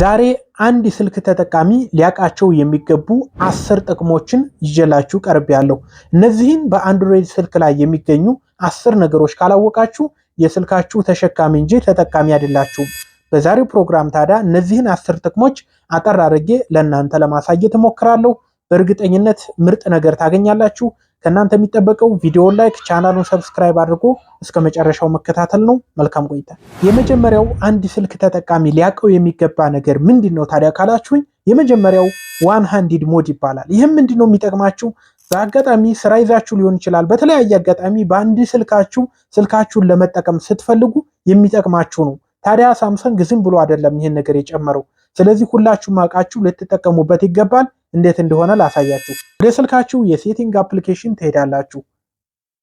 ዛሬ አንድ ስልክ ተጠቃሚ ሊያውቃቸው የሚገቡ አስር ጥቅሞችን ይዤላችሁ ቀርብ ያለው እነዚህን በአንድሮይድ ስልክ ላይ የሚገኙ አስር ነገሮች ካላወቃችሁ የስልካችሁ ተሸካሚ እንጂ ተጠቃሚ አይደላችሁም። በዛሬው ፕሮግራም ታዲያ እነዚህን አስር ጥቅሞች አጠር አድርጌ ለእናንተ ለማሳየት እሞክራለሁ። በእርግጠኝነት ምርጥ ነገር ታገኛላችሁ። ከእናንተ የሚጠበቀው ቪዲዮ ላይክ፣ ቻናሉን ሰብስክራይብ አድርጎ እስከ መጨረሻው መከታተል ነው። መልካም ቆይታ። የመጀመሪያው አንድ ስልክ ተጠቃሚ ሊያውቀው የሚገባ ነገር ምንድን ነው ታዲያ ካላችሁኝ፣ የመጀመሪያው ዋን ሃንዲድ ሞድ ይባላል። ይህም ምንድን ነው የሚጠቅማችሁ በአጋጣሚ ስራ ይዛችሁ ሊሆን ይችላል። በተለያየ አጋጣሚ በአንድ ስልካችሁ ስልካችሁን ለመጠቀም ስትፈልጉ የሚጠቅማችሁ ነው። ታዲያ ሳምሰንግ ዝም ብሎ አይደለም ይህን ነገር የጨመረው። ስለዚህ ሁላችሁም አውቃችሁ ልትጠቀሙበት ይገባል። እንዴት እንደሆነ ላሳያችሁ። ወደ ስልካችሁ የሴቲንግ አፕሊኬሽን ትሄዳላችሁ።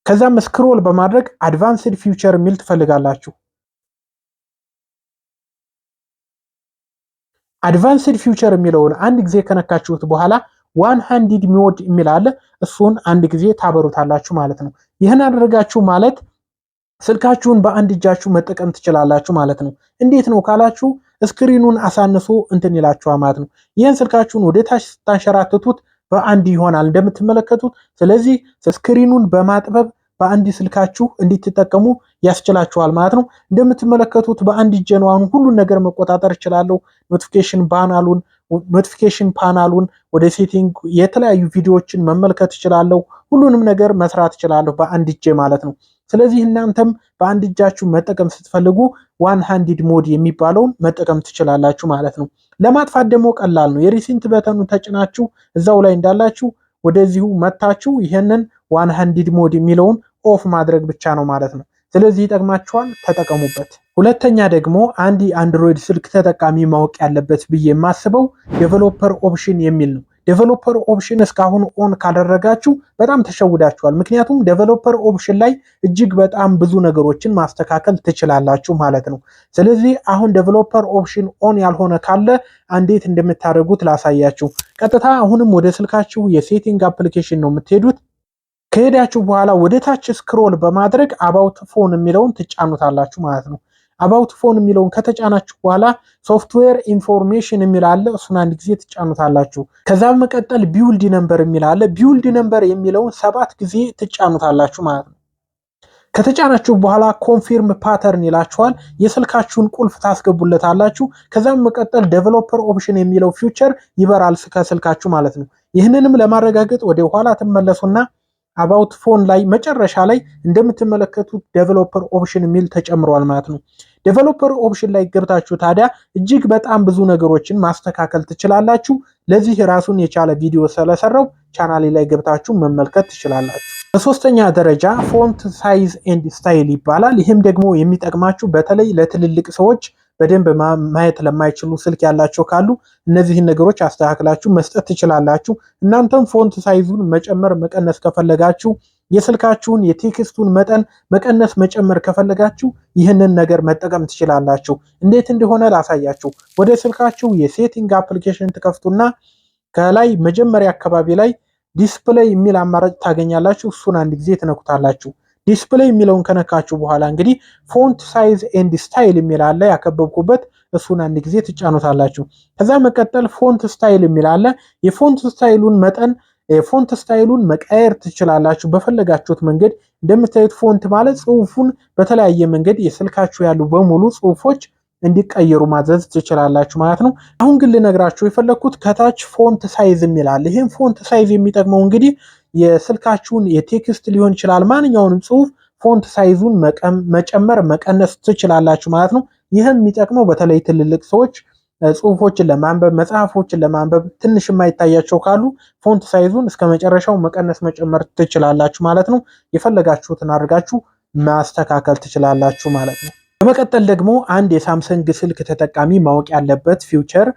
ከዛም ስክሮል በማድረግ አድቫንስድ ፊውቸር የሚል ትፈልጋላችሁ። አድቫንስድ ፊውቸር የሚለውን አንድ ጊዜ ከነካችሁት በኋላ ዋን ሃንዲድ ሞድ የሚል አለ። እሱን አንድ ጊዜ ታበሩታላችሁ ማለት ነው። ይህን አደረጋችሁ ማለት ስልካችሁን በአንድ እጃችሁ መጠቀም ትችላላችሁ ማለት ነው። እንዴት ነው ካላችሁ ስክሪኑን አሳንሶ እንትን ይላችኋል ማለት ነው። ይህን ስልካችሁን ወደ ታች ስታንሸራትቱት በአንድ ይሆናል እንደምትመለከቱት። ስለዚህ ስክሪኑን በማጥበብ በአንድ ስልካችሁ እንዲትጠቀሙ ያስችላችኋል ማለት ነው። እንደምትመለከቱት በአንድ እጄ ነው ሁሉን ነገር መቆጣጠር እችላለሁ። ኖቲፊኬሽን ባናሉን ኖቲፊኬሽን ፓናሉን ወደ ሴቲንግ የተለያዩ ቪዲዮዎችን መመልከት እችላለሁ። ሁሉንም ነገር መስራት እችላለሁ በአንድ እጄ ማለት ነው። ስለዚህ እናንተም በአንድ እጃችሁ መጠቀም ስትፈልጉ ዋን ሃንዲድ ሞድ የሚባለውን መጠቀም ትችላላችሁ ማለት ነው። ለማጥፋት ደግሞ ቀላል ነው። የሪሲንት በተኑ ተጭናችሁ እዛው ላይ እንዳላችሁ ወደዚሁ መታችሁ ይሄንን ዋን ሃንዲድ ሞድ የሚለውን ኦፍ ማድረግ ብቻ ነው ማለት ነው። ስለዚህ ይጠቅማችኋል፣ ተጠቀሙበት። ሁለተኛ ደግሞ አንድ የአንድሮይድ ስልክ ተጠቃሚ ማወቅ ያለበት ብዬ የማስበው ዴቨሎፐር ኦፕሽን የሚል ነው። ዴቨሎፐር ኦፕሽን እስካሁን ኦን ካደረጋችሁ በጣም ተሸውዳችኋል። ምክንያቱም ዴቨሎፐር ኦፕሽን ላይ እጅግ በጣም ብዙ ነገሮችን ማስተካከል ትችላላችሁ ማለት ነው። ስለዚህ አሁን ዴቨሎፐር ኦፕሽን ኦን ያልሆነ ካለ እንዴት እንደምታደርጉት ላሳያችሁ። ቀጥታ አሁንም ወደ ስልካችሁ የሴቲንግ አፕሊኬሽን ነው የምትሄዱት። ከሄዳችሁ በኋላ ወደ ታች ስክሮል በማድረግ አባውት ፎን የሚለውን ትጫኑታላችሁ ማለት ነው። አባውት ፎን የሚለውን ከተጫናችሁ በኋላ ሶፍትዌር ኢንፎርሜሽን የሚል አለ። እሱን አንድ ጊዜ ትጫኑታላችሁ። ከዛ በመቀጠል ቢውልድ ነምበር የሚል አለ። ቢውልድ ነምበር የሚለውን ሰባት ጊዜ ትጫኑታላችሁ ማለት ነው። ከተጫናችሁ በኋላ ኮንፊርም ፓተርን ይላችኋል። የስልካችሁን ቁልፍ ታስገቡለታላችሁ። ከዛም መቀጠል ዴቨሎፐር ኦፕሽን የሚለው ፊውቸር ይበራል ከስልካችሁ ማለት ነው። ይህንንም ለማረጋገጥ ወደ ኋላ ትመለሱና አባውት ፎን ላይ መጨረሻ ላይ እንደምትመለከቱት ዴቨሎፐር ኦፕሽን የሚል ተጨምሯል ማለት ነው። ዴቨሎፐር ኦፕሽን ላይ ገብታችሁ ታዲያ እጅግ በጣም ብዙ ነገሮችን ማስተካከል ትችላላችሁ። ለዚህ ራሱን የቻለ ቪዲዮ ስለሰራው ቻናሌ ላይ ገብታችሁ መመልከት ትችላላችሁ። በሶስተኛ ደረጃ ፎንት ሳይዝ ኤንድ ስታይል ይባላል። ይህም ደግሞ የሚጠቅማችሁ በተለይ ለትልልቅ ሰዎች በደንብ ማየት ለማይችሉ ስልክ ያላቸው ካሉ እነዚህን ነገሮች አስተካክላችሁ መስጠት ትችላላችሁ። እናንተም ፎንት ሳይዙን መጨመር መቀነስ ከፈለጋችሁ የስልካችሁን የቴክስቱን መጠን መቀነስ መጨመር ከፈለጋችሁ ይህንን ነገር መጠቀም ትችላላችሁ። እንዴት እንደሆነ ላሳያችሁ። ወደ ስልካችሁ የሴቲንግ አፕሊኬሽን ትከፍቱና ከላይ መጀመሪያ አካባቢ ላይ ዲስፕሌይ የሚል አማራጭ ታገኛላችሁ። እሱን አንድ ጊዜ ትነኩታላችሁ። ዲስፕሌይ የሚለውን ከነካችሁ በኋላ እንግዲህ ፎንት ሳይዝ ኤንድ ስታይል የሚል አለ ያከበብኩበት እሱን አንድ ጊዜ ትጫኑታላችሁ። ከዛ መቀጠል ፎንት ስታይል የሚል አለ። የፎንት ስታይሉን መጠን የፎንት ስታይሉን መቀየር ትችላላችሁ በፈለጋችሁት መንገድ። እንደምታዩት ፎንት ማለት ጽሁፉን በተለያየ መንገድ የስልካችሁ ያሉ በሙሉ ጽሁፎች እንዲቀየሩ ማዘዝ ትችላላችሁ ማለት ነው። አሁን ግን ልነግራችሁ የፈለግኩት ከታች ፎንት ሳይዝ የሚላል። ይህም ፎንት ሳይዝ የሚጠቅመው እንግዲህ የስልካችሁን የቴክስት ሊሆን ይችላል ማንኛውንም ጽሁፍ ፎንት ሳይዙን መጨመር መቀነስ ትችላላችሁ ማለት ነው። ይህም የሚጠቅመው በተለይ ትልልቅ ሰዎች ጽሁፎችን ለማንበብ መጽሐፎችን ለማንበብ ትንሽ የማይታያቸው ካሉ ፎንት ሳይዙን እስከ መጨረሻው መቀነስ መጨመር ትችላላችሁ ማለት ነው። የፈለጋችሁትን አድርጋችሁ ማስተካከል ትችላላችሁ ማለት ነው። በመቀጠል ደግሞ አንድ የሳምሰንግ ስልክ ተጠቃሚ ማወቅ ያለበት ፊውቸር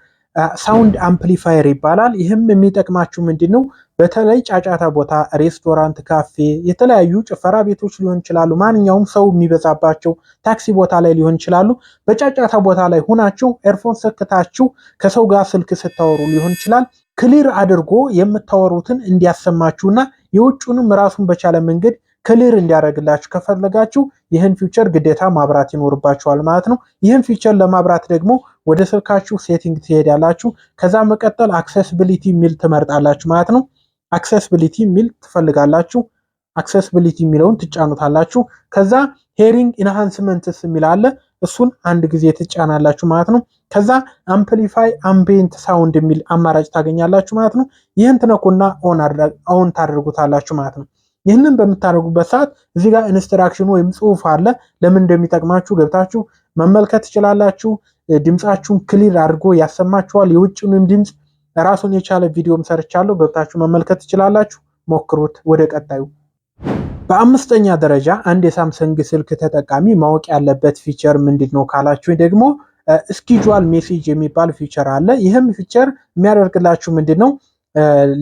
ሳውንድ አምፕሊፋየር ይባላል። ይህም የሚጠቅማችሁ ምንድን ነው? በተለይ ጫጫታ ቦታ፣ ሬስቶራንት፣ ካፌ፣ የተለያዩ ጭፈራ ቤቶች ሊሆን ይችላሉ። ማንኛውም ሰው የሚበዛባቸው ታክሲ ቦታ ላይ ሊሆን ይችላሉ። በጫጫታ ቦታ ላይ ሆናችሁ ኤርፎን ሰክታችሁ ከሰው ጋር ስልክ ስታወሩ ሊሆን ይችላል ክሊር አድርጎ የምታወሩትን እንዲያሰማችሁና የውጭንም ራሱን በቻለ መንገድ ክሊር እንዲያደርግላችሁ ከፈለጋችሁ ይህን ፊውቸር ግዴታ ማብራት ይኖርባችኋል ማለት ነው። ይህን ፊውቸር ለማብራት ደግሞ ወደ ስልካችሁ ሴቲንግ ትሄዳላችሁ። ከዛ መቀጠል አክሴስቢሊቲ የሚል ትመርጣላችሁ ማለት ነው። አክሰስቢሊቲ የሚል ትፈልጋላችሁ። አክሰስቢሊቲ የሚለውን ትጫኑታላችሁ። ከዛ ሄሪንግ ኢንሃንስመንትስ የሚል አለ። እሱን አንድ ጊዜ ትጫናላችሁ ማለት ነው። ከዛ አምፕሊፋይ አምቤንት ሳውንድ የሚል አማራጭ ታገኛላችሁ ማለት ነው። ይህን ትነኩና ኦን ታደርጉታላችሁ ማለት ነው። ይህንን በምታደርጉበት ሰዓት እዚህ ጋር ኢንስትራክሽን ወይም ጽሑፍ አለ። ለምን እንደሚጠቅማችሁ ገብታችሁ መመልከት ትችላላችሁ። ድምፃችሁን ክሊር አድርጎ ያሰማችኋል። የውጭንም ድምፅ ራሱን የቻለ ቪዲዮም ሰርቻለሁ፣ ገብታችሁ መመልከት ትችላላችሁ። ሞክሩት። ወደ ቀጣዩ በአምስተኛ ደረጃ አንድ የሳምሰንግ ስልክ ተጠቃሚ ማወቅ ያለበት ፊቸር ምንድን ነው ካላችሁ ደግሞ ስኪጁዋል ሜሴጅ የሚባል ፊቸር አለ። ይህም ፊቸር የሚያደርግላችሁ ምንድን ነው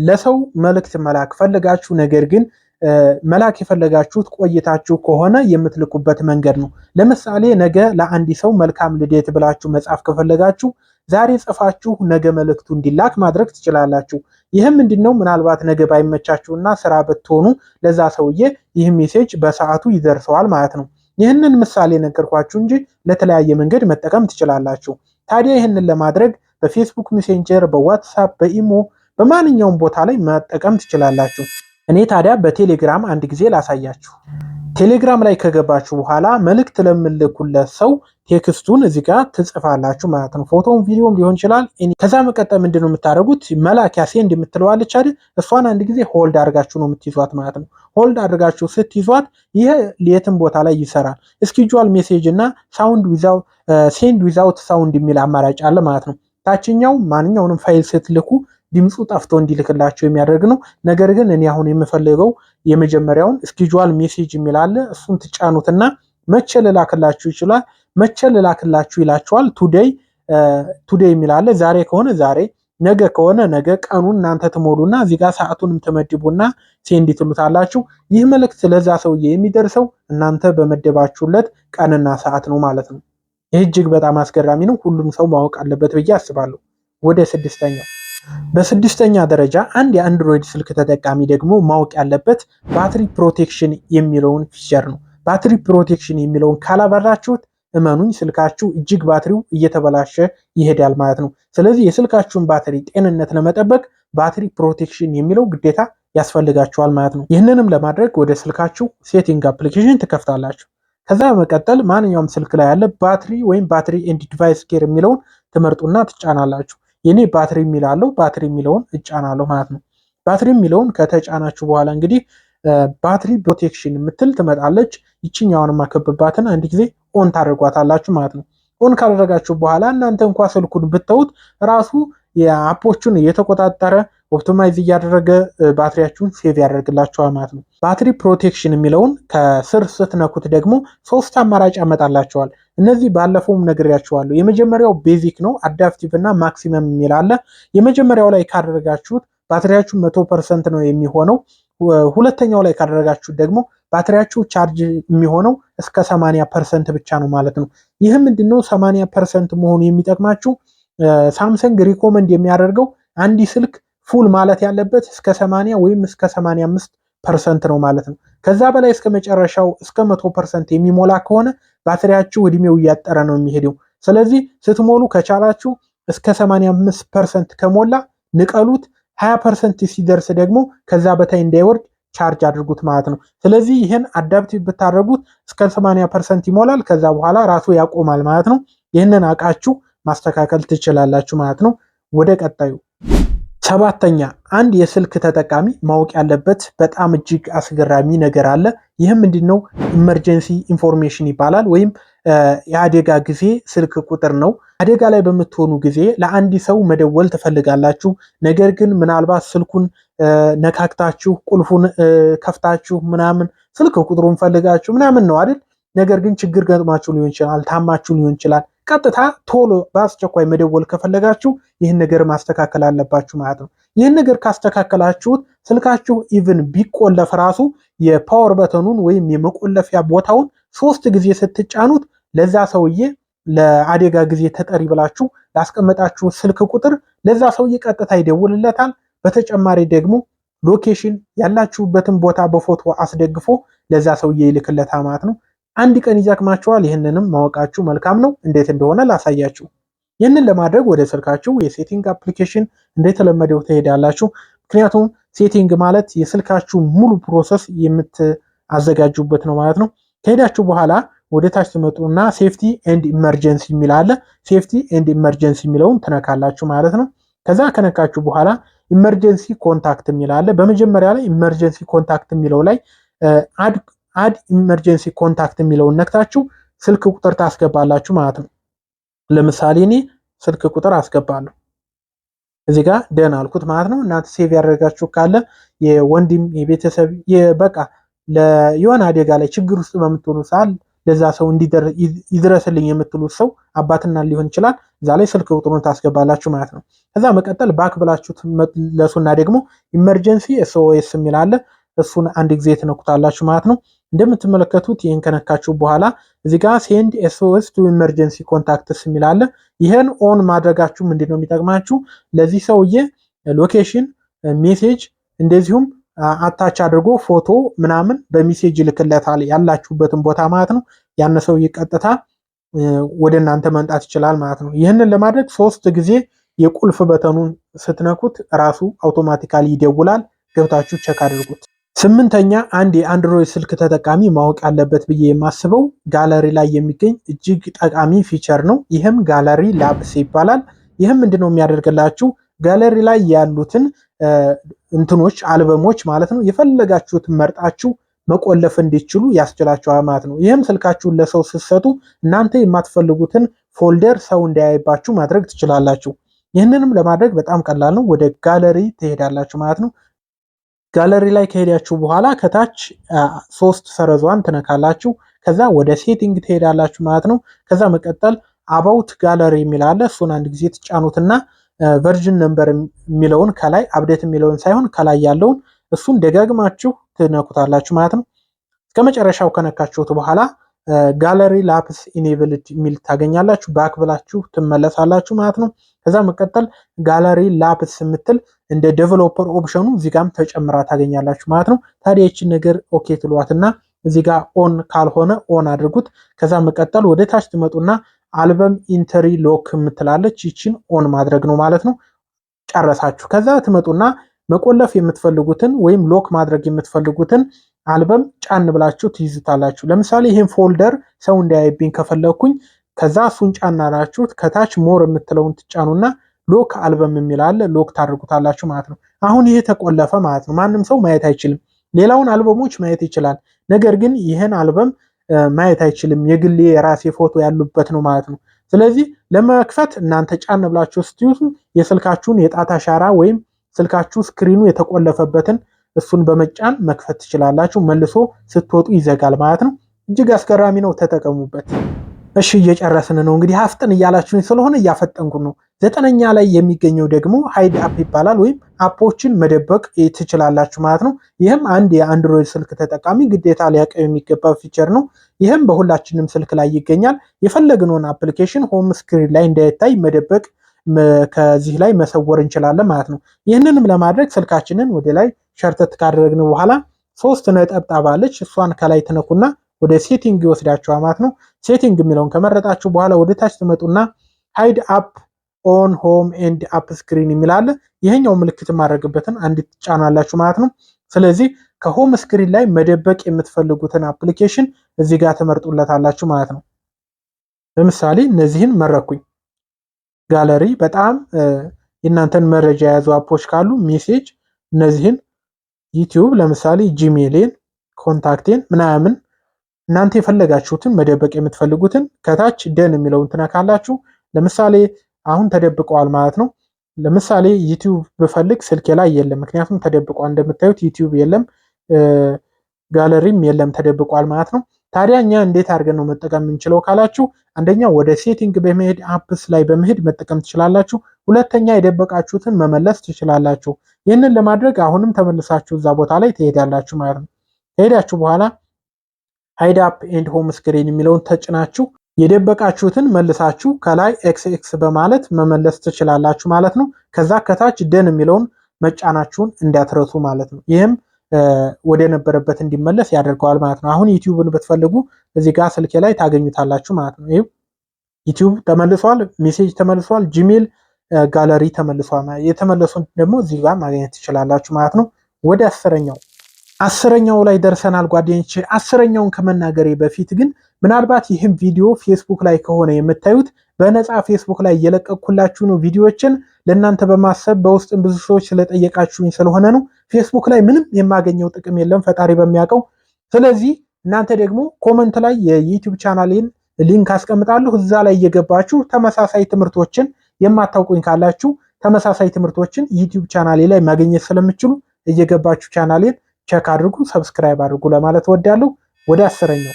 ለሰው መልእክት መላክ ፈልጋችሁ ነገር ግን መላክ የፈለጋችሁት ቆይታችሁ ከሆነ የምትልኩበት መንገድ ነው። ለምሳሌ ነገ ለአንድ ሰው መልካም ልደት ብላችሁ መጻፍ ከፈለጋችሁ ዛሬ ጽፋችሁ ነገ መልእክቱ እንዲላክ ማድረግ ትችላላችሁ። ይህም ምንድነው ምናልባት ነገ ባይመቻችሁና ስራ ብትሆኑ ለዛ ሰውዬ ይህ ሜሴጅ በሰዓቱ ይደርሰዋል ማለት ነው። ይህንን ምሳሌ ነገርኳችሁ እንጂ ለተለያየ መንገድ መጠቀም ትችላላችሁ። ታዲያ ይህንን ለማድረግ በፌስቡክ ሜሴንጀር፣ በዋትሳፕ፣ በኢሞ በማንኛውም ቦታ ላይ መጠቀም ትችላላችሁ። እኔ ታዲያ በቴሌግራም አንድ ጊዜ ላሳያችሁ። ቴሌግራም ላይ ከገባችሁ በኋላ መልእክት ለምልኩለት ሰው ቴክስቱን እዚህ ጋር ትጽፋላችሁ ማለት ነው። ቪዲዮም ሊሆን ይችላል። ከዛ መቀጠል ምንድን ነው የምታደርጉት? መላኪያ ሴንድ የምትለዋለች አይደል? እሷን አንድ ጊዜ ሆልድ አድርጋችሁ ነው የምትይዟት ማለት ነው። ሆልድ አድርጋችሁ ስትይዟት ይሄ የትም ቦታ ላይ ይሰራል። እስኪጁዋል ሜሴጅ እና ሳውንድ ዊዛውት ሴንድ ዊዛውት ሳውንድ የሚል አማራጭ አለ ማለት ነው። ታችኛው ማንኛውንም ፋይል ስትልኩ ድምፁ ጠፍቶ እንዲልክላቸው የሚያደርግ ነው። ነገር ግን እኔ አሁን የምፈልገው የመጀመሪያውን ስኬጁል ሜሴጅ የሚላለ እሱን ትጫኑትና መቼ ልላክላችሁ ይችላል መቼ ልላክላችሁ ይላችኋል። ቱዴይ ቱዴይ የሚላለ ዛሬ ከሆነ ዛሬ ነገ ከሆነ ነገ ቀኑን እናንተ ትሞሉና እዚህ ጋር ሰዓቱንም ትመድቡና ሴንድ ትሉታላችሁ። ይህ መልእክት ለዛ ሰውዬ የሚደርሰው እናንተ በመደባችሁለት ቀንና ሰዓት ነው ማለት ነው። ይህ እጅግ በጣም አስገራሚ ነው። ሁሉም ሰው ማወቅ አለበት ብዬ አስባለሁ። ወደ ስድስተኛው በስድስተኛ ደረጃ አንድ የአንድሮይድ ስልክ ተጠቃሚ ደግሞ ማወቅ ያለበት ባትሪ ፕሮቴክሽን የሚለውን ፊቸር ነው። ባትሪ ፕሮቴክሽን የሚለውን ካላበራችሁት እመኑኝ ስልካችሁ እጅግ ባትሪው እየተበላሸ ይሄዳል ማለት ነው። ስለዚህ የስልካችሁን ባትሪ ጤንነት ለመጠበቅ ባትሪ ፕሮቴክሽን የሚለው ግዴታ ያስፈልጋችኋል ማለት ነው። ይህንንም ለማድረግ ወደ ስልካችሁ ሴቲንግ አፕሊኬሽን ትከፍታላችሁ። ከዛ በመቀጠል ማንኛውም ስልክ ላይ ያለ ባትሪ ወይም ባትሪ ኤንድ ዲቫይስ ኬር የሚለውን ትመርጡና ትጫናላችሁ። የኔ ባትሪ የሚላለው ባትሪ የሚለውን እጫናለሁ ማለት ነው። ባትሪ የሚለውን ከተጫናችሁ በኋላ እንግዲህ ባትሪ ፕሮቴክሽን የምትል ትመጣለች። ይችኛውን ማከብባትን አንድ ጊዜ ኦን ታደርጓታላችሁ ማለት ነው። ኦን ካደረጋችሁ በኋላ እናንተ እንኳ ስልኩን ብተውት ራሱ የአፖቹን እየተቆጣጠረ ኦፕቶማይዝ እያደረገ ባትሪያችሁን ሴቭ ያደርግላችኋል ማለት ነው። ባትሪ ፕሮቴክሽን የሚለውን ከስር ስትነኩት ደግሞ ሶስት አማራጭ ያመጣላችኋል። እነዚህ ባለፈውም ነግሬያችኋለሁ። የመጀመሪያው ቤዚክ ነው፣ አዳፕቲቭ እና ማክሲመም የሚል አለ። የመጀመሪያው ላይ ካደረጋችሁት ባትሪያችሁ መቶ ፐርሰንት ነው የሚሆነው። ሁለተኛው ላይ ካደረጋችሁት ደግሞ ባትሪያችሁ ቻርጅ የሚሆነው እስከ ሰማንያ ፐርሰንት ብቻ ነው ማለት ነው። ይህም ምንድነው ሰማንያ ፐርሰንት መሆኑ የሚጠቅማችሁ ሳምሰንግ ሪኮመንድ የሚያደርገው አንዲ ስልክ ፉል ማለት ያለበት እስከ 80 ወይም እስከ 85 ፐርሰንት ነው ማለት ነው። ከዛ በላይ እስከ መጨረሻው እስከ መቶ ፐርሰንት የሚሞላ ከሆነ ባትሪያችሁ እድሜው እያጠረ ነው የሚሄደው። ስለዚህ ስትሞሉ ከቻላችሁ እስከ 85 ፐርሰንት ከሞላ ንቀሉት። 20 ፐርሰንት ሲደርስ ደግሞ ከዛ በታይ እንዳይወርድ ቻርጅ አድርጉት ማለት ነው። ስለዚህ ይህን አዳፕቲቭ ብታደርጉት እስከ 80 ፐርሰንት ይሞላል። ከዛ በኋላ ራሱ ያቆማል ማለት ነው። ይህንን አውቃችሁ ማስተካከል ትችላላችሁ ማለት ነው። ወደ ቀጣዩ ሰባተኛ አንድ የስልክ ተጠቃሚ ማወቅ ያለበት በጣም እጅግ አስገራሚ ነገር አለ። ይህም ምንድን ነው? ኢመርጀንሲ ኢንፎርሜሽን ይባላል ወይም የአደጋ ጊዜ ስልክ ቁጥር ነው። አደጋ ላይ በምትሆኑ ጊዜ ለአንድ ሰው መደወል ትፈልጋላችሁ። ነገር ግን ምናልባት ስልኩን ነካክታችሁ ቁልፉን ከፍታችሁ ምናምን ስልክ ቁጥሩን ፈልጋችሁ ምናምን ነው አይደል? ነገር ግን ችግር ገጥማችሁ ሊሆን ይችላል፣ ታማችሁ ሊሆን ይችላል ቀጥታ ቶሎ በአስቸኳይ መደወል ከፈለጋችሁ ይህን ነገር ማስተካከል አለባችሁ ማለት ነው። ይህን ነገር ካስተካከላችሁት ስልካችሁ ኢቭን ቢቆለፍ ራሱ የፓወር በተኑን ወይም የመቆለፊያ ቦታውን ሶስት ጊዜ ስትጫኑት ለዛ ሰውዬ ለአደጋ ጊዜ ተጠሪ ብላችሁ ላስቀመጣችሁ ስልክ ቁጥር ለዛ ሰውዬ ቀጥታ ይደውልለታል። በተጨማሪ ደግሞ ሎኬሽን ያላችሁበትን ቦታ በፎቶ አስደግፎ ለዛ ሰውዬ ይልክለታል ማለት ነው። አንድ ቀን ይጠቅማችኋል። ይህንንም ማወቃችሁ መልካም ነው። እንዴት እንደሆነ ላሳያችሁ። ይህንን ለማድረግ ወደ ስልካችሁ የሴቲንግ አፕሊኬሽን እንደተለመደው ትሄዳላችሁ። ምክንያቱም ሴቲንግ ማለት የስልካችሁ ሙሉ ፕሮሰስ የምትአዘጋጁበት ነው ማለት ነው። ከሄዳችሁ በኋላ ወደ ታች ትመጡና ሴፍቲ ኤንድ ኢመርጀንሲ የሚል አለ። ሴፍቲ ኤንድ ኢመርጀንሲ የሚለውን ትነካላችሁ ማለት ነው። ከዛ ከነካችሁ በኋላ ኢመርጀንሲ ኮንታክት የሚል አለ። በመጀመሪያ ላይ ኢመርጀንሲ ኮንታክት የሚለው ላይ አድ አድ ኢመርጀንሲ ኮንታክት የሚለውን ነክታችሁ ስልክ ቁጥር ታስገባላችሁ ማለት ነው። ለምሳሌ እኔ ስልክ ቁጥር አስገባለሁ እዚህ ጋር ደን አልኩት ማለት ነው። እናንተ ሴቭ ያደረጋችሁ ካለ የወንድም የቤተሰብ በቃ የሆነ አደጋ ላይ ችግር ውስጥ በምትሆኑ ሰዓት ለዛ ሰው ይድረስልኝ የምትሉት ሰው አባትና ሊሆን ይችላል። እዛ ላይ ስልክ ቁጥሩን ታስገባላችሁ ማለት ነው። ከዛ መቀጠል ባክ ብላችሁ ትመለሱና ደግሞ ኢመርጀንሲ ኤስኦኤስ የሚል አለ። እሱን አንድ ጊዜ ትነኩታላችሁ ማለት ነው። እንደምትመለከቱት ይህን ከነካችሁ በኋላ እዚህ ጋር ሴንድ ኤስኦኤስ ቱ ኢመርጀንሲ ኮንታክትስ የሚላለ ይህን ኦን ማድረጋችሁ ምንድን ነው የሚጠቅማችሁ ለዚህ ሰውዬ ሎኬሽን ሜሴጅ እንደዚሁም አታች አድርጎ ፎቶ ምናምን በሜሴጅ ይልክለታል ያላችሁበትን ቦታ ማለት ነው። ያን ሰውዬ ቀጥታ ወደ እናንተ መምጣት ይችላል ማለት ነው። ይህንን ለማድረግ ሶስት ጊዜ የቁልፍ በተኑን ስትነኩት ራሱ አውቶማቲካሊ ይደውላል። ገብታችሁ ቸክ አድርጉት። ስምንተኛ አንድ የአንድሮይድ ስልክ ተጠቃሚ ማወቅ ያለበት ብዬ የማስበው ጋለሪ ላይ የሚገኝ እጅግ ጠቃሚ ፊቸር ነው። ይህም ጋለሪ ላብስ ይባላል። ይህም ምንድነው የሚያደርግላችሁ ጋለሪ ላይ ያሉትን እንትኖች አልበሞች ማለት ነው የፈለጋችሁት መርጣችሁ መቆለፍ እንዲችሉ ያስችላችኋል ማለት ነው። ይህም ስልካችሁን ለሰው ስትሰጡ እናንተ የማትፈልጉትን ፎልደር ሰው እንዳያይባችሁ ማድረግ ትችላላችሁ። ይህንንም ለማድረግ በጣም ቀላል ነው። ወደ ጋለሪ ትሄዳላችሁ ማለት ነው። ጋለሪ ላይ ከሄዳችሁ በኋላ ከታች ሶስት ሰረዟን ትነካላችሁ። ከዛ ወደ ሴቲንግ ትሄዳላችሁ ማለት ነው። ከዛ መቀጠል አባውት ጋለሪ የሚላለ እሱን አንድ ጊዜ ትጫኑትና ቨርጅን ነምበር የሚለውን ከላይ አብዴት የሚለውን ሳይሆን ከላይ ያለውን እሱን ደጋግማችሁ ትነኩታላችሁ ማለት ነው። እስከ መጨረሻው ከነካችሁት በኋላ ጋለሪ ላፕስ ኢኔብልድ የሚል ታገኛላችሁ። ባክ ብላችሁ ትመለሳላችሁ ማለት ነው። ከዛ መቀጠል ጋለሪ ላፕስ የምትል እንደ ዴቨሎፐር ኦፕሽኑ እዚህ ጋም ተጨምራ ታገኛላችሁ ማለት ነው። ታዲያ ይችን ነገር ኦኬ ትሏትና እዚህ ጋር ኦን ካልሆነ ኦን አድርጉት። ከዛ መቀጠል ወደ ታች ትመጡና አልበም ኢንተሪ ሎክ የምትላለች ይችን ኦን ማድረግ ነው ማለት ነው። ጨረሳችሁ። ከዛ ትመጡና መቆለፍ የምትፈልጉትን ወይም ሎክ ማድረግ የምትፈልጉትን አልበም ጫን ብላችሁ ትይዙታላችሁ። ለምሳሌ ይህን ፎልደር ሰው እንዳያይብኝ ከፈለግኩኝ ከዛ እሱን ጫና ላችሁት ከታች ሞር የምትለውን ትጫኑና ሎክ አልበም የሚል አለ። ሎክ ታደርጉታላችሁ ማለት ነው። አሁን ይሄ ተቆለፈ ማለት ነው። ማንም ሰው ማየት አይችልም። ሌላውን አልበሞች ማየት ይችላል። ነገር ግን ይህን አልበም ማየት አይችልም። የግሌ የራሴ ፎቶ ያሉበት ነው ማለት ነው። ስለዚህ ለመክፈት እናንተ ጫን ብላችሁ ስትዩቱ የስልካችሁን የጣት አሻራ ወይም ስልካችሁ ስክሪኑ የተቆለፈበትን እሱን በመጫን መክፈት ትችላላችሁ። መልሶ ስትወጡ ይዘጋል ማለት ነው። እጅግ አስገራሚ ነው። ተጠቀሙበት። እሺ እየጨረስን ነው እንግዲህ ሀፍጥን እያላችሁኝ ስለሆነ እያፈጠንኩ ነው። ዘጠነኛ ላይ የሚገኘው ደግሞ ሀይድ አፕ ይባላል ወይም አፖችን መደበቅ ትችላላችሁ ማለት ነው። ይህም አንድ የአንድሮይድ ስልክ ተጠቃሚ ግዴታ ሊያቀው የሚገባ ፊቸር ነው። ይህም በሁላችንም ስልክ ላይ ይገኛል። የፈለግነውን አፕሊኬሽን ሆም ስክሪን ላይ እንዳይታይ መደበቅ ከዚህ ላይ መሰወር እንችላለን ማለት ነው። ይህንንም ለማድረግ ስልካችንን ወደ ላይ ሸርተት ካደረግን በኋላ ሶስት ነጠብጣብ አለች። እሷን ከላይ ትነኩና ወደ ሴቲንግ ይወስዳችኋል ማለት ነው። ሴቲንግ የሚለውን ከመረጣችሁ በኋላ ወደ ታች ትመጡና ሃይድ አፕ ኦን ሆም ኤንድ አፕ ስክሪን የሚላለ ይሄኛው ምልክት የማድረግበትን አንድ ትጫናላችሁ ማለት ነው። ስለዚህ ከሆም ስክሪን ላይ መደበቅ የምትፈልጉትን አፕሊኬሽን እዚህ ጋር ትመርጡለታላችሁ ማለት ነው። ለምሳሌ እነዚህን መረኩኝ። ጋለሪ በጣም የእናንተን መረጃ የያዙ አፖች ካሉ ሜሴጅ፣ እነዚህን ዩቲዩብ ለምሳሌ ጂሜሌን፣ ኮንታክቴን ምናምን እናንተ የፈለጋችሁትን መደበቅ የምትፈልጉትን ከታች ደን የሚለውን እንትና ለምሳሌ አሁን ተደብቀዋል ማለት ነው። ለምሳሌ ዩቲዩብ ብፈልግ ስልኬ ላይ የለም፣ ምክንያቱም ተደብቋል። እንደምታዩት ዩቲዩብ የለም፣ ጋለሪም የለም፣ ተደብቋል ማለት ነው። ታዲያ እኛ እንዴት አድርገን ነው መጠቀም የምንችለው ካላችሁ፣ አንደኛ ወደ ሴቲንግ በመሄድ አፕስ ላይ በመሄድ መጠቀም ትችላላችሁ። ሁለተኛ የደበቃችሁትን መመለስ ትችላላችሁ። ይህንን ለማድረግ አሁንም ተመልሳችሁ እዛ ቦታ ላይ ትሄዳላችሁ ማለት ነው። ከሄዳችሁ በኋላ ሃይድ አፕ ኤንድ ሆም ስክሪን የሚለውን ተጭናችሁ የደበቃችሁትን መልሳችሁ ከላይ ኤክስ ኤክስ በማለት መመለስ ትችላላችሁ ማለት ነው። ከዛ ከታች ደን የሚለውን መጫናችሁን እንዳትረሱ ማለት ነው። ይህም ወደ ነበረበት እንዲመለስ ያደርገዋል ማለት ነው። አሁን ዩቲዩብን ብትፈልጉ እዚህ ጋር ስልኬ ላይ ታገኙታላችሁ ማለት ነው። ይህ ዩቲዩብ ተመልሷል፣ ሜሴጅ ተመልሷል፣ ጂሜል ጋለሪ ተመልሷል። የተመለሱን ደግሞ እዚህ ጋር ማግኘት ትችላላችሁ ማለት ነው። ወደ አስረኛው አስረኛው ላይ ደርሰናል ጓደኞቼ። አስረኛውን ከመናገሬ በፊት ግን ምናልባት ይህም ቪዲዮ ፌስቡክ ላይ ከሆነ የምታዩት በነፃ ፌስቡክ ላይ እየለቀቅኩላችሁ ነው። ቪዲዮዎችን ለእናንተ በማሰብ በውስጥም ብዙ ሰዎች ስለጠየቃችሁኝ ስለሆነ ነው። ፌስቡክ ላይ ምንም የማገኘው ጥቅም የለም ፈጣሪ በሚያውቀው። ስለዚህ እናንተ ደግሞ ኮመንት ላይ የዩቲዩብ ቻናሌን ሊንክ አስቀምጣለሁ። እዛ ላይ እየገባችሁ ተመሳሳይ ትምህርቶችን የማታውቁኝ ካላችሁ ተመሳሳይ ትምህርቶችን ዩቲዩብ ቻናሌ ላይ ማግኘት ስለምችሉ እየገባችሁ ቻናሌን ቸክ አድርጉ፣ ሰብስክራይብ አድርጉ ለማለት ወዳለሁ። ወደ አስረኛው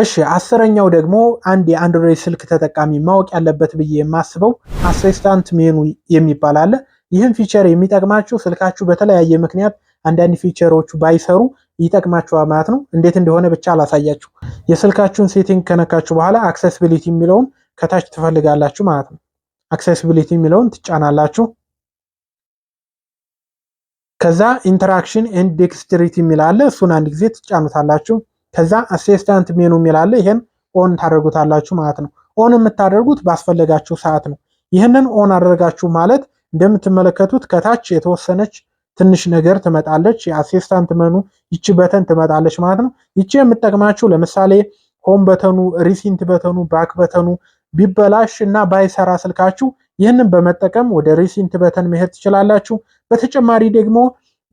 እሺ፣ አስረኛው ደግሞ አንድ የአንድሮይድ ስልክ ተጠቃሚ ማወቅ ያለበት ብዬ የማስበው አሲስታንት ሜኑ የሚባል አለ። ይህም ፊቸር የሚጠቅማችሁ ስልካችሁ በተለያየ ምክንያት አንዳንድ ፊቸሮቹ ባይሰሩ ይጠቅማችኋል ማለት ነው። እንዴት እንደሆነ ብቻ አላሳያችሁ። የስልካችሁን ሴቲንግ ከነካችሁ በኋላ አክሴስቢሊቲ የሚለውን ከታች ትፈልጋላችሁ ማለት ነው። አክሴስቢሊቲ የሚለውን ትጫናላችሁ። ከዛ ኢንተራክሽን ኤንድ ዴክስትሪቲ የሚላለ እሱን አንድ ጊዜ ትጫኑታላችሁ። ከዛ አሴስታንት ሜኑ የሚላለ ይሄን ኦን ታደርጉታላችሁ ማለት ነው። ኦን የምታደርጉት ባስፈለጋችሁ ሰዓት ነው። ይህንን ኦን አደረጋችሁ ማለት እንደምትመለከቱት ከታች የተወሰነች ትንሽ ነገር ትመጣለች። የአሴስታንት መኑ ይቺ በተን ትመጣለች ማለት ነው። ይቺ የምጠቅማችሁ ለምሳሌ ሆም በተኑ፣ ሪሲንት በተኑ፣ ባክ በተኑ ቢበላሽ እና ባይሰራ ስልካችሁ ይህንን በመጠቀም ወደ ሪሲንት በተን መሄድ ትችላላችሁ። በተጨማሪ ደግሞ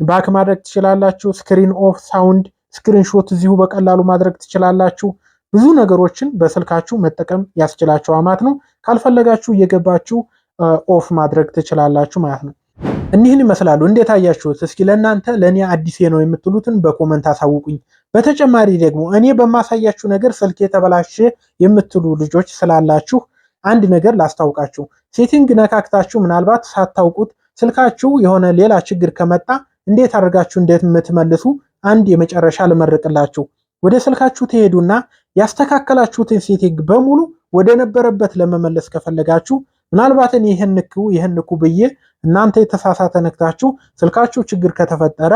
ባክ ማድረግ ትችላላችሁ። ስክሪን ኦፍ ሳውንድ ስክሪን ሾት እዚሁ በቀላሉ ማድረግ ትችላላችሁ። ብዙ ነገሮችን በስልካችሁ መጠቀም ያስችላችኋል ማለት ነው። ካልፈለጋችሁ እየገባችሁ ኦፍ ማድረግ ትችላላችሁ ማለት ነው። እኒህን ይመስላሉ። እንዴት አያችሁት? እስኪ ለእናንተ ለእኔ አዲሴ ነው የምትሉትን በኮመንት አሳውቁኝ። በተጨማሪ ደግሞ እኔ በማሳያችሁ ነገር ስልክ የተበላሸ የምትሉ ልጆች ስላላችሁ አንድ ነገር ላስታውቃችሁ። ሴቲንግ ነካክታችሁ ምናልባት ሳታውቁት ስልካችሁ የሆነ ሌላ ችግር ከመጣ እንዴት አድርጋችሁ እንደምትመልሱ አንድ የመጨረሻ ልመርቅላችሁ። ወደ ስልካችሁ ትሄዱና ያስተካከላችሁትን ሴቲንግ በሙሉ ወደ ነበረበት ለመመለስ ከፈለጋችሁ ምናልባትን ይህን ንኩ ይህን ንኩ ብዬ እናንተ የተሳሳተ ነክታችሁ ስልካችሁ ችግር ከተፈጠረ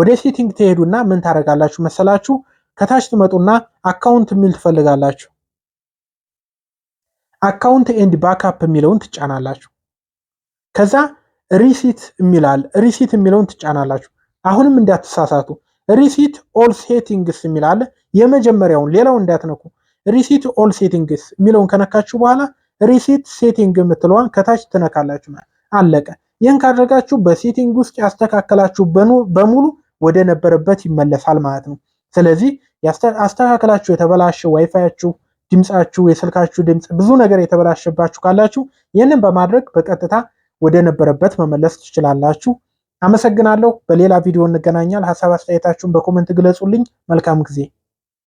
ወደ ሴቲንግ ትሄዱና ምን ታደርጋላችሁ መሰላችሁ? ከታች ትመጡና አካውንት የሚል ትፈልጋላችሁ። አካውንት ኤንድ ባካፕ የሚለውን ትጫናላችሁ። ከዛ ሪሲት የሚላል ሪሲት የሚለውን ትጫናላችሁ። አሁንም እንዳትሳሳቱ ሪሲት ኦል ሴቲንግስ የሚላለ የመጀመሪያውን ሌላው እንዳትነኩ። ሪሲት ኦል ሴቲንግስ የሚለውን ከነካችሁ በኋላ ሪሲት ሴቲንግ የምትለዋን ከታች ትነካላችሁ። አለቀ። ይህን ካደረጋችሁ በሴቲንግ ውስጥ ያስተካከላችሁ በሙሉ ወደ ነበረበት ይመለሳል ማለት ነው። ስለዚህ አስተካከላችሁ የተበላሸ ዋይፋያችሁ ድምፃችሁ፣ የስልካችሁ ድምፅ፣ ብዙ ነገር የተበላሸባችሁ ካላችሁ ይህንን በማድረግ በቀጥታ ወደ ነበረበት መመለስ ትችላላችሁ። አመሰግናለሁ። በሌላ ቪዲዮ እንገናኛል። ሀሳብ አስተያየታችሁን በኮመንት ግለጹልኝ። መልካም ጊዜ